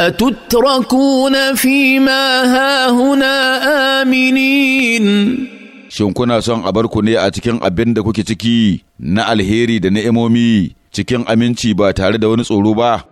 أتتركون فيما هاهنا آمنين Shin kuna son a barku ne a cikin abin da kuke ciki na alheri da ni'imomi cikin aminci ba tare da wani tsoro ba?